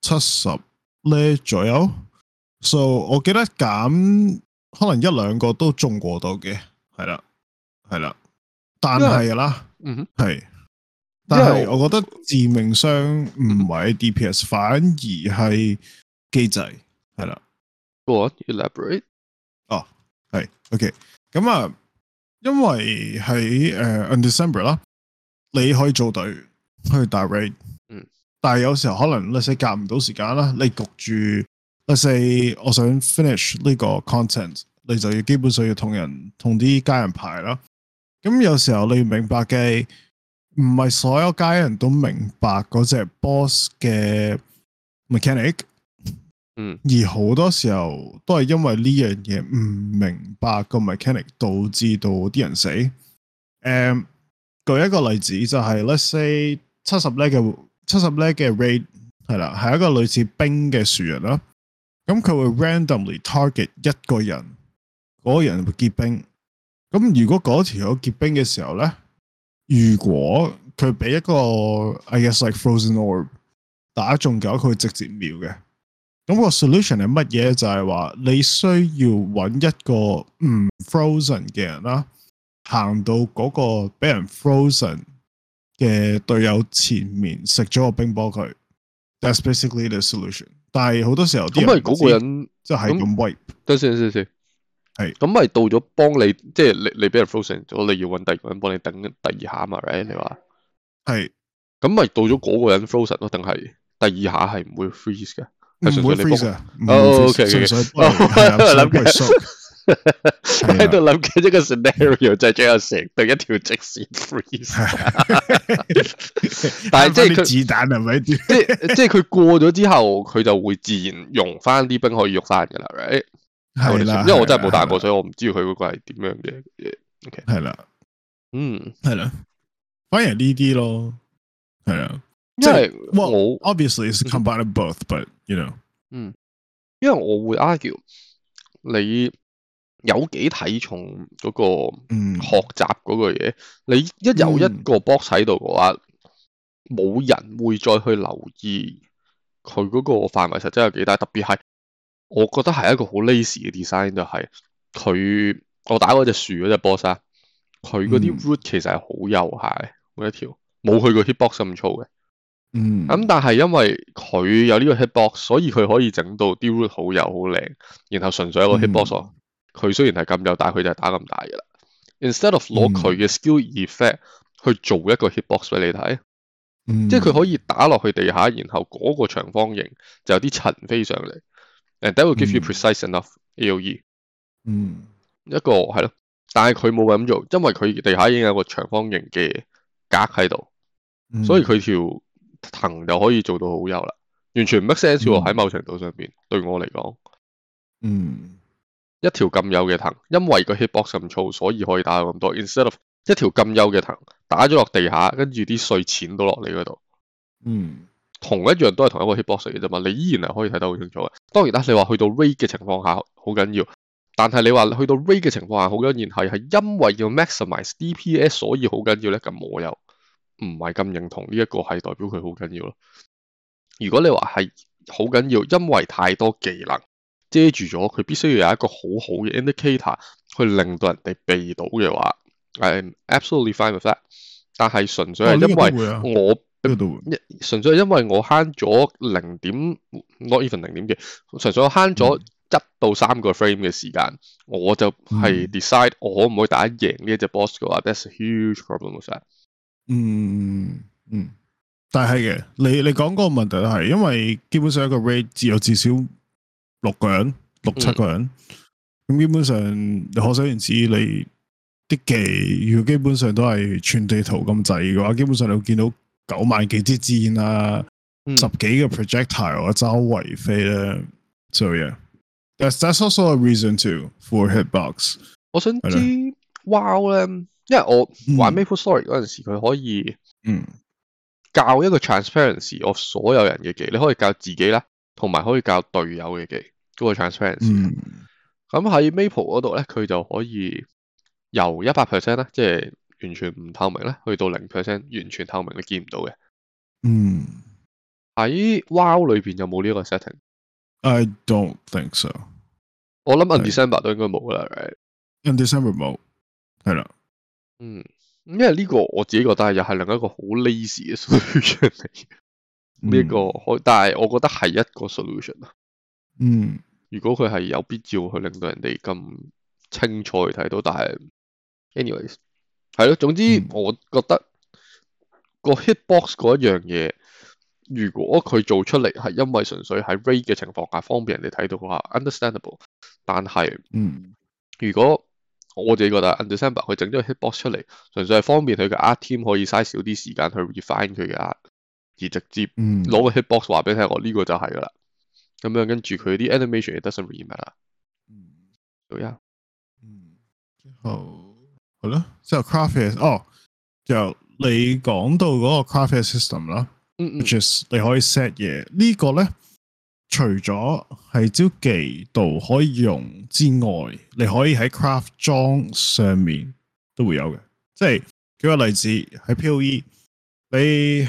七十咧左右，所、so, 以我記得減可能一兩個都中過到嘅，係啦，係啦，但係啦，嗯、yeah. 係，但係我覺得致命傷唔係 DPS，、mm -hmm. 反而係機制，係啦，I want to elaborate？哦、oh,，係，OK，咁啊，因為喺誒、uh,，Undecember 啦，你可以做隊去打 raid 但係有時候可能，let's say 夾唔到時間啦，你焗住，let's say 我想 finish 呢個 content，你就要基本上要同人同啲家人排啦。咁有時候你要明白嘅，唔係所有家人都明白嗰隻 boss 嘅 mechanic。嗯。而好多時候都係因為呢樣嘢，唔明白個 mechanic，導致到啲人死。誒、嗯，舉一個例子就係，let's say 七十 level。七十叻嘅 Raid 係啦，係一個類似冰嘅樹人啦。咁佢會 randomly target 一個人，嗰、那個人會結冰。咁如果嗰條友結冰嘅時候咧，如果佢俾一個 I guess like frozen orb 打中咗，佢會直接秒嘅。咁個 solution 係乜嘢？就係、是、話你需要揾一個唔、嗯、frozen 嘅人啦，行到嗰個俾人 frozen 嘅隊友前面食咗個冰波佢，That's basically the solution。但係好多時候，點解嗰個人即係咁 wipe。等先先先，係。咁咪到咗幫你，即係你你俾人 frozen 咗，你要揾第二個人幫你等第二下啊嘛？誒，你話係。咁咪到咗嗰個人 frozen 咯，定係第二下係唔會 freeze 嘅？唔會 freeze。O K O K。都係諗。 對 absolutely , 幫你 shock  喺度諗緊一個 scenario 就最後成對一條直線 freeze， 但係即係子彈係咪？即係即係佢過咗之後，佢就會自然融翻啲冰可以喐翻噶啦，係、right? 啦。 因為我真係冇大過，所以我唔知佢嗰個係點樣嘅嘢。OK，係啦，嗯，係啦，反而呢啲咯，係啊，即係我，我 obviously combine both，but、嗯、you know，嗯，因為我會 argue 你。有幾睇重嗰個學習嗰個嘢、嗯？你一有一個 box 喺度嘅話，冇、嗯、人會再去留意佢嗰個範圍實真有幾大。特別係我覺得係一個好 lazy 嘅 design 就係、是、佢我打嗰隻樹嗰隻 box，佢嗰啲 root 其實係好幼下，嘅每一條冇去過 hitbox 咁粗嘅。嗯，咁、嗯、但係因為佢有呢個 hitbox，所以佢可以整到啲 root 好幼好靚，然後純粹一個 hitbox、嗯。佢雖然係咁幼，但佢就係打咁大嘅啦。Instead of 攞佢嘅 skill effect 去做一個 hitbox 俾你睇、嗯，即係佢可以打落去地下，然後嗰個長方形就有啲塵飛上嚟，and that will give you precise enough AoE，嗯，一個係咯，但係佢冇咁做，因為佢地下已經有個長方形嘅格喺度、嗯，所以佢條藤就可以做到好幼啦，完全唔 make sense 喎。喺某程度上邊對我嚟講，嗯。一條咁幼嘅藤，因為個 hitbox 咁粗，所以可以打到咁多。Instead of 一條咁幼嘅藤打咗落地下，跟住啲碎錢都落你嗰度。嗯，同一樣都係同一個 hitbox 嘅啫嘛。你依然係可以睇得好清楚嘅。當然啦，你話去到 r a y 嘅情況下好緊要，但係你話去到 r a y 嘅情況下好緊要，係係因為要 maximize DPS 所以好緊要咧，咁我又唔係咁認同呢一個係代表佢好緊要咯。如果你話係好緊要，因為太多技能。遮住咗，佢必須要有一個好好嘅 indicator 去令到人哋避到嘅話，係 absolutely fine with that，但係純粹係因為我，純、哦這個啊這個、粹係因為我慳咗零點，not even 零點嘅，純粹我慳咗一到三個 frame 嘅時間，我就係 decide 我可唔可以打贏呢一隻 boss 嘅話、嗯、，that’s a huge problem with that. 嗯。嗯嗯嗯，但係嘅，你你講嗰個問題都係，因為基本上一個 rate 只有至少。六個人，六七個人，咁、嗯、基本上，可想而知你啲技，如果基本上都係全地圖咁滯嘅話，基本上你會見到九萬幾支箭啦、啊，嗯、十幾個 projectile 周圍飛咧，所有嘢。That's that's also a reason too for hitbox。我想知呢，wow 咧，因為我玩《MapleStory》嗰陣時，佢可以，嗯，教一個 transparency，我所有人嘅技，你可以教自己啦。同埋可以教隊友嘅技嗰、嗰個 transference，咁喺 Maple 嗰度咧，佢就可以由一百 percent 咧，即係完全唔透明咧，去到零 percent 完全透明都，你見唔到嘅。嗯，喺 Wow 裏邊有冇呢一個 setting？I don't think so。我諗 Undecember I... 都應該冇啦、right?，Undecember 冇，係啦。嗯，因為呢個我自己覺得又係另一個好 lazy 嘅衰人嚟。呢、這、一個可、嗯，但係我覺得係一個 solution 啊。嗯，如果佢係有必要去令到人哋咁清楚去睇到，但係，anyways，係咯，總之我覺得、嗯那個 hit box 嗰一樣嘢，如果佢做出嚟係因為純粹喺 raid 嘅情況下方便人哋睇到嘅話，understandable。但係，嗯，如果我自己覺得 understandable，佢整咗個 hit box 出嚟，純粹係方便佢嘅 art team 可以嘥少啲時間去 refine 佢嘅 art。而直接攞個 hitbox 話俾你聽，我呢個就係噶啦。咁樣跟住佢啲 animation 也 doesn't re 嗯，map 啦。好呀。好。好啦。之後 craft 哦，就你講到嗰個 craft system 啦、嗯嗯、，which is 你可以 set 嘢。這個、呢個咧，除咗係招技度可以用之外，你可以喺 craft 裝上面都會有嘅。即係舉個例子喺 P.O.E，你。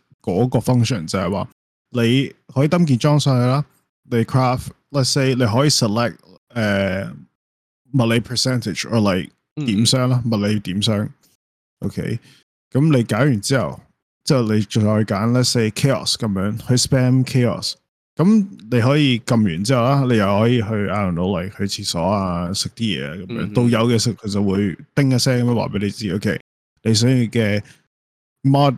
嗰個 function 就係話你可以登件裝上去啦，你 craft let's say 你可以 select 誒、呃、物理 percentage or 嚟點傷啦，mm -hmm. 物理點傷。OK，咁你揀完之後，之後你再揀 let's say chaos 咁樣去 spam chaos。咁你可以撳完之後啦，你又可以去阿龍佬嚟去廁所啊，食啲嘢咁樣。Mm -hmm. 到有嘅時候佢就會叮一聲咁樣話俾你知。OK，你想要嘅 mod。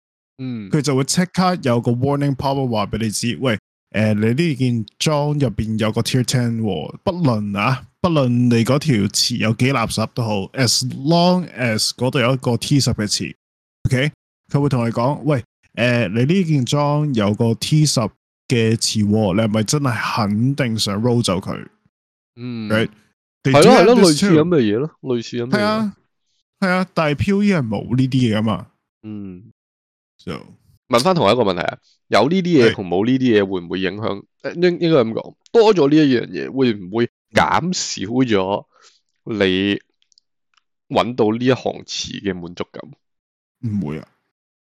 嗯，佢就會即刻有個 warning power 話俾你知，喂，誒、呃，你呢件裝入邊有個 tier ten，不論啊，不論你嗰條詞有幾垃圾都好，as long as 嗰度有一個 T 十嘅詞，ok，佢會同你講，喂，誒、呃，你呢件裝有個 T 十嘅詞，你係咪真係肯定想 roll 走佢？嗯，係咯，係咯，類似咁嘅嘢咯，類似咁。係啊係啊，但係 POE 係冇呢啲嘢啊嘛，嗯。就、so, 問翻同一個問題啊，有呢啲嘢同冇呢啲嘢會唔會影響？應應該咁講，多咗呢一樣嘢會唔會減少咗你搵到呢一行詞嘅滿足感？唔會啊，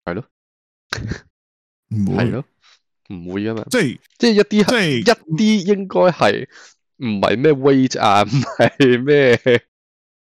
係咯，唔 會係咯，唔會啊嘛，即係即係一啲即係一啲應該係唔係咩 weight 啊，唔係咩。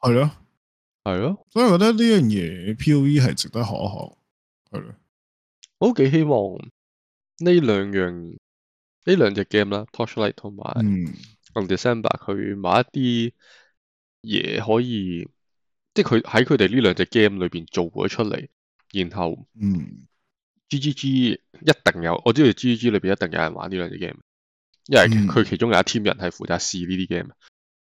係咯、啊，係咯、啊，所以我覺得呢樣嘢 POE 係值得學一學，係咯、啊，我都幾希望呢兩樣呢兩隻 game 啦，Torchlight 同埋，同 Undecember 佢買一啲嘢可以，即係佢喺佢哋呢兩隻 game 裏邊做咗出嚟，然後，G.G.G 一定有，我知道 G.G.G 裏邊一定有人玩呢兩隻 game，因為佢其中有一 team 人係負責試呢啲 game。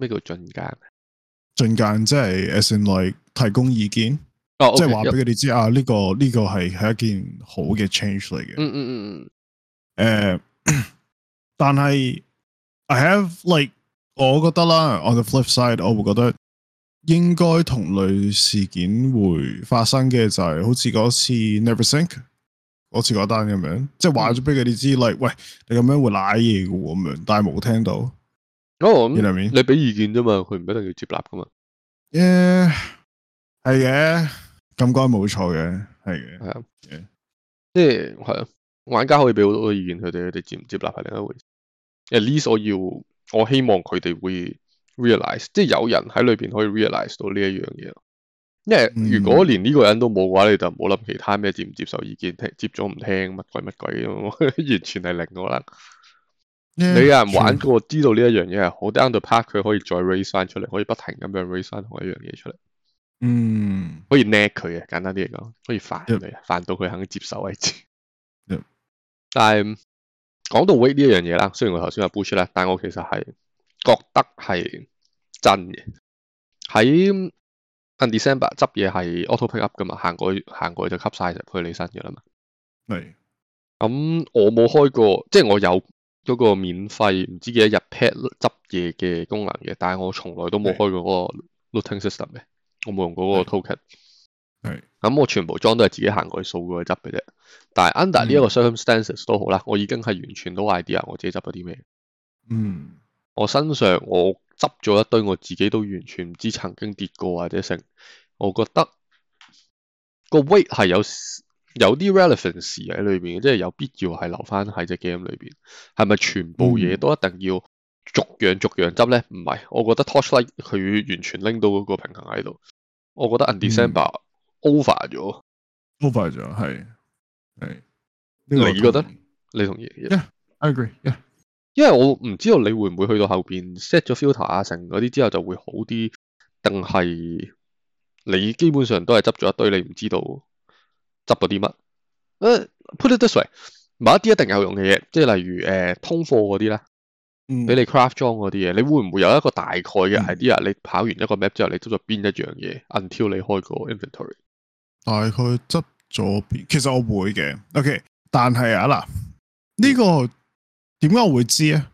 咩叫進諫？進諫即係 as in like 提供意見，oh, okay. 即係話俾佢哋知啊！呢、呢個呢、呢個係係一件好嘅 change 嚟嘅。嗯嗯嗯嗯。但係 I have like 我覺得啦，on the flip side，我會覺得應該同類事件會發生嘅就係、是、好似嗰次 Neverthink 嗰次嗰單咁樣，即係話咗俾佢哋知，like 喂，你咁樣會賴嘢嘅喎咁樣，但係冇聽到。Oh, you know what I mean? 你俾意見啫嘛，佢唔一定要接納噶嘛。誒、yeah，係嘅，咁講冇錯嘅，係嘅，係啊，即係係啊，玩家可以俾好多意見，佢哋佢哋接唔接納係另一回事。誒，至少要我希望佢哋會 realize，即係有人喺裏邊可以 realize 到呢一樣嘢。因為如果連呢個人都冇嘅話，你就唔好諗其他咩接唔接受意見，聽接咗唔聽，乜鬼乜鬼、啊，完全係零可能你有人玩過，知道呢一樣嘢係好啲喺度拍佢，可以再 raise 翻出嚟，可以不停咁樣 raise 翻同一樣嘢出嚟。嗯，可以 net 佢啊，簡單啲嚟講，可以煩佢，煩、嗯、到佢肯接受為止。嗯、但係講到 weight 呢一樣嘢啦，雖然我頭先話 push 啦，但係我其實係覺得係真嘅。喺 Undecember 執嘢係 auto pick up 噶嘛，行過去行過去就吸晒入去你身嘅啦嘛。係、嗯。咁我冇開過，即係我有。嗰個免費唔知幾多日 pad 執嘢嘅功能嘅，但係我從來都冇開過嗰個 looting system 嘅，我冇用過嗰個 token。係咁、嗯,我全部裝都係自己行過去掃過去執嘅啫。但係 under 呢一個 circumstances 都好啦、嗯，我已經係完全都 idea 我自己執咗啲咩。嗯，我身上我執咗一堆，我自己都完全唔知曾經跌過或者成。我覺得、個 weight 係有。有啲 relevance 喺裏邊，即係有必要係留翻喺隻 game 裏邊。係咪全部嘢都一定要逐樣逐樣執咧？唔係，我覺得 torchlight 佢完全拎到嗰個平衡喺度。我覺得 Undecember over 咗，over 咗，係。是這個、你覺得？你同意、yeah？I agree、yeah。因為，我唔知道你會唔會去到後邊 set 咗 filter 啊，成嗰啲之後就會好啲，定係你基本上都係執咗一堆你唔知道。執到啲乜？put it this way，某一啲一定有用嘅嘢，即係例如誒、呃、通貨嗰啲咧，俾、嗯、你 craft 裝嗰啲嘢，你會唔會有一個大概嘅 idea？、嗯、你跑完一個 map 之後，你執咗邊一樣嘢？Until 你開個 inventory，大概執咗邊？其實我會嘅，ok，但係啊嗱，呢、這個點解我會知咧？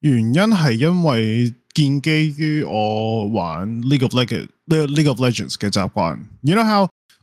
原因係因為建基於我玩 League of Legend League of Legends 嘅習慣，you know how。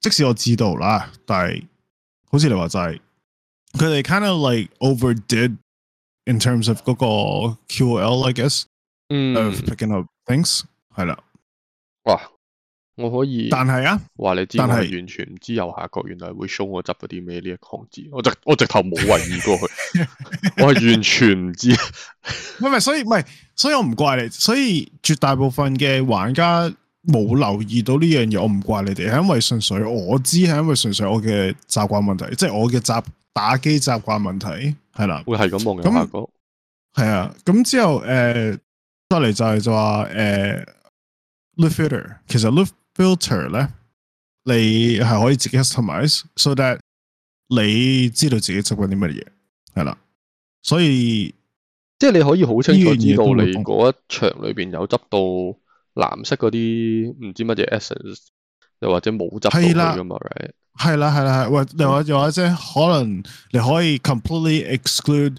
即使我知道啦，但係好似你話就係、是、佢哋 kind of like overdid in terms of 嗰個 QOL，I guess 嗯，Speaking of picking up things，係啦，哇，我可以，但係啊，話你知，但係完全唔知右下角，原來會 show 我執嗰啲咩呢一行字，我直我直頭冇回憶過去， 我係完全唔知， 唔係所以唔係，所以我唔怪你，所以絕大部分嘅玩家。冇留意到呢樣嘢，我唔怪你哋，係因為純粹我知，係因為純粹我嘅習慣問題，即係我嘅習打機習慣問題，係啦，會係咁望嘅效果。係啊，咁、嗯、之後誒，得、呃、嚟就係就話誒 loot filter，其實 loot filter 咧，你係可以自己 customize，so that 你知道自己執緊啲乜嘢，係啦，所以即係你可以好清楚知道你嗰一場裏邊有執到。藍色嗰啲唔知乜嘢 essence，又或者冇執到嘅嘛，係啦係啦係，又或者可能你可以 completely exclude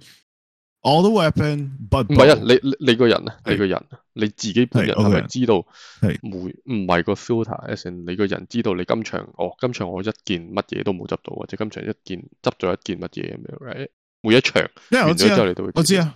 all the weapon，但唔係啊，你你個人啊，你個人，的你，個人你自己本人係咪知道？係冇唔係個 filter essence，你個人知道你今場哦，今場我一件乜嘢都冇執到，或者今場一件執咗一件乜嘢咁樣，right? 每一場 yeah, 完咗之後你都會我，我知啊。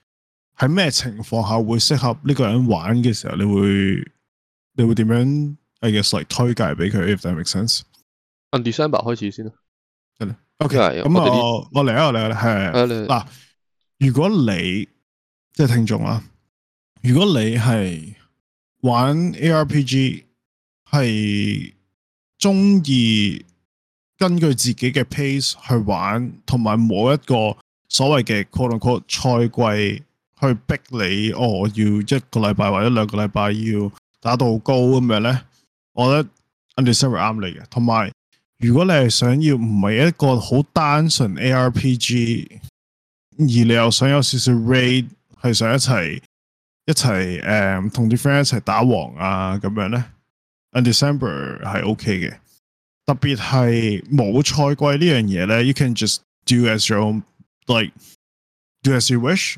喺咩情況下會適合呢個人玩嘅時候，你會你會點樣？I guess like 推介俾佢，if that makes sense。Undecember 開始先啦，係啦，OK。咁我我嚟啊，我嚟啊，係嗱，如果你即係、就是、聽眾啊，如果你係玩 ARPG 係中意根據自己嘅 pace 去玩，同埋冇一個所謂嘅 quote unquote 賽季。去逼你哦！我要一個禮拜或者兩個禮拜要打到好高咁樣咧，我覺得 Undecember 啱你嘅。同埋，如果你係想要唔係一個好單純 ARPG，而你又想有少少 raid，係想一齊一齊誒同啲 friend 一齊打王啊咁樣咧，yeah，Undecember 係 OK 嘅。特別係冇賽季呢樣嘢咧，you can just do as your own，like do as you wish。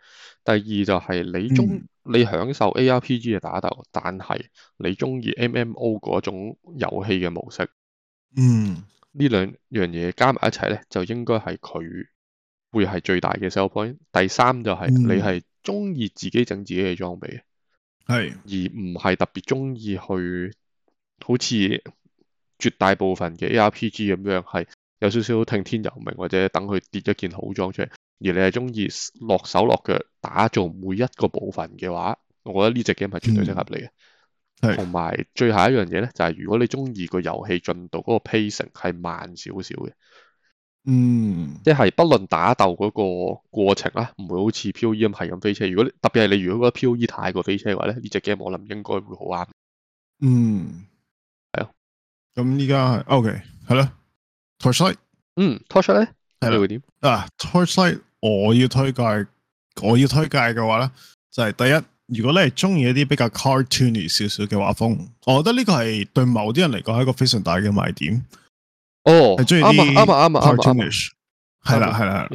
第二就係你中你享受 A.R.P.G 嘅打鬥，嗯、但係你鍾意 M.M.O 嗰種遊戲嘅模式。嗯，這兩東西呢兩樣嘢加埋一齊咧，就應該係佢會係最大嘅 sell point。第三就係你係鍾意自己整自己嘅裝備，係、嗯、而唔係特別鍾意去好似絕大部分嘅 A.R.P.G 咁樣係。有少少聽天由命，或者等佢跌咗件好裝出嚟。而你係中意，落手落腳打造每一個部分嘅話，我覺得呢隻 game 係絕對適合你嘅。係同埋最後一樣嘢咧，就係、是、如果你中意個遊戲進度嗰、那個 pacing 係慢少少嘅，嗯，即、就、係、是、不論打鬥嗰個過程啦，唔會好似 POE 係咁飛車。如果特別係你如果覺得 POE 太過飛車嘅話咧，呢隻 game 我諗應該會好啱。嗯，係啊。咁依家 O.K. 係咯。Torchlight？嗯，Torchlight，係咯，點啊，Torchlight 我要推介，我要推介嘅話咧，就係、是、第一，如果你係中意一啲比較 cartoonish 少少嘅畫風，我覺得呢個係對某啲人嚟講係一個非常大嘅賣點。哦、oh，係中意啲 cartoonish，係啦係啦。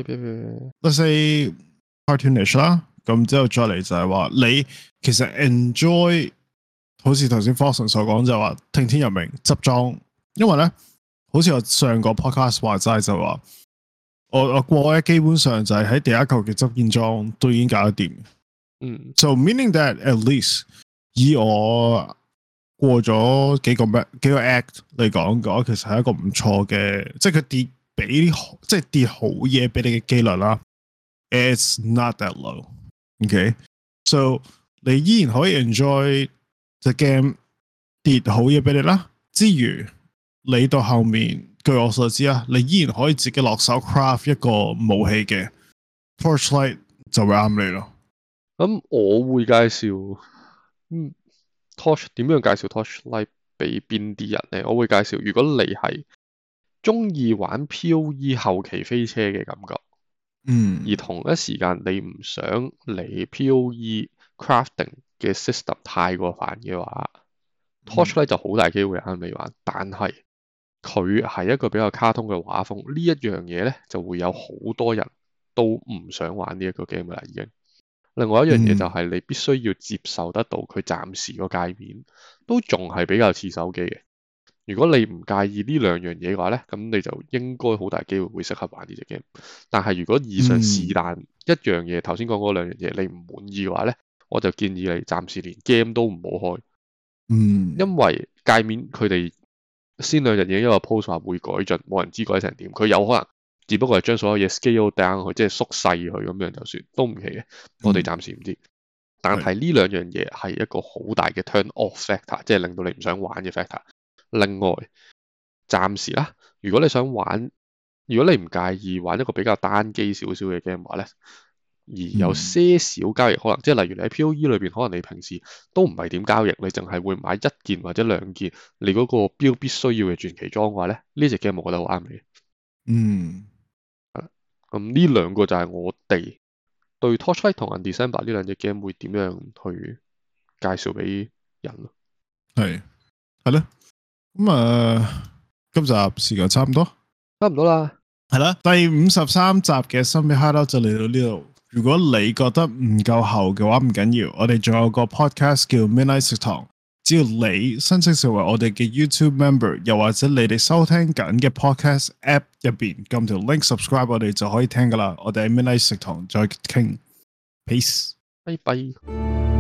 Let's say cartoonish 啦，咁、嗯、之、嗯、後再嚟就係話你其實 enjoy，好似頭先 Forsyth 所講就話聽天由命執裝，因為咧。好似我上個 podcast 話齋就話，我我過咧，基本上就係喺第一局嘅執建裝都已經搞得掂。嗯，就 meaning that at least 以我過咗幾個咩幾個 act 嚟講嘅，其實係一個唔錯嘅，即係佢跌俾即係跌好嘢俾你嘅幾率啦。It's not that low，OK？So、okay? 你依然可以 enjoy the game 跌好嘢俾你啦，之餘。你到後面，據我所知啊，你依然可以自己落手 craft 一個武器嘅 torchlight 就會啱你咯。咁、嗯、我會介紹，嗯，torch 點樣介紹 torchlight 畀邊啲人咧？我會介紹，如果你係鍾意玩 POE 後期飛車嘅感覺，嗯，而同一時間你唔想你 POE crafting 嘅 system 太過煩嘅話，torchlight 就好大機會啱你玩，嗯、但係。佢係一個比較卡通嘅畫風，這東西呢一樣嘢咧就會有好多人都唔想玩呢一個 game 啦。已經，另外一樣嘢就係你必須要接受得到佢暫時個界面都仲係比較似手機嘅。如果你唔介意呢兩樣嘢嘅話咧，咁你就應該好大機會會適合玩呢隻 game。但係如果以上是但一樣嘢，頭先講嗰兩樣嘢你唔滿意嘅話咧，我就建議你暫時連 game 都唔好開。嗯，因為界面佢哋。先兩日已經有 post 話會改進，冇人知改成點。佢有可能只不過係將所有嘢 scale down 去，即係縮細佢咁樣就算，都唔奇嘅。我哋暫時唔知。嗯、但係呢兩樣嘢係一個好大嘅 turn off factor，即係令到你唔想玩嘅 factor。另外，暫時啦，如果你想玩，如果你唔介意玩一個比較單機少少嘅 game 話咧，而有些少交易可能，即、嗯、係例如你喺 POE 裏邊，可能你平時都唔係點交易，你淨係會買一件或者兩件你嗰個標必須要嘅傳奇裝嘅話咧，呢隻 game 我覺得好啱你。嗯、咁、嗯、呢、嗯、兩個就係我哋對 Torchlight 同 Undecember 呢兩隻 game 會點樣去介紹俾人咯。係，係咧、咁、嗯、啊、呃，今集時間差唔多，差唔多啦，係啦，第五十三集嘅《Late Night Hideout》就嚟到呢度。如果你覺得唔夠喉嘅話，唔緊要，我哋仲有一個 podcast 叫 mini 食堂。只要你申請成為我哋嘅 YouTube member，又或者你哋收聽緊嘅 podcast app 入邊撳條 link subscribe，我哋就可以聽噶啦。我哋喺 mini 食堂再傾，peace，拜拜。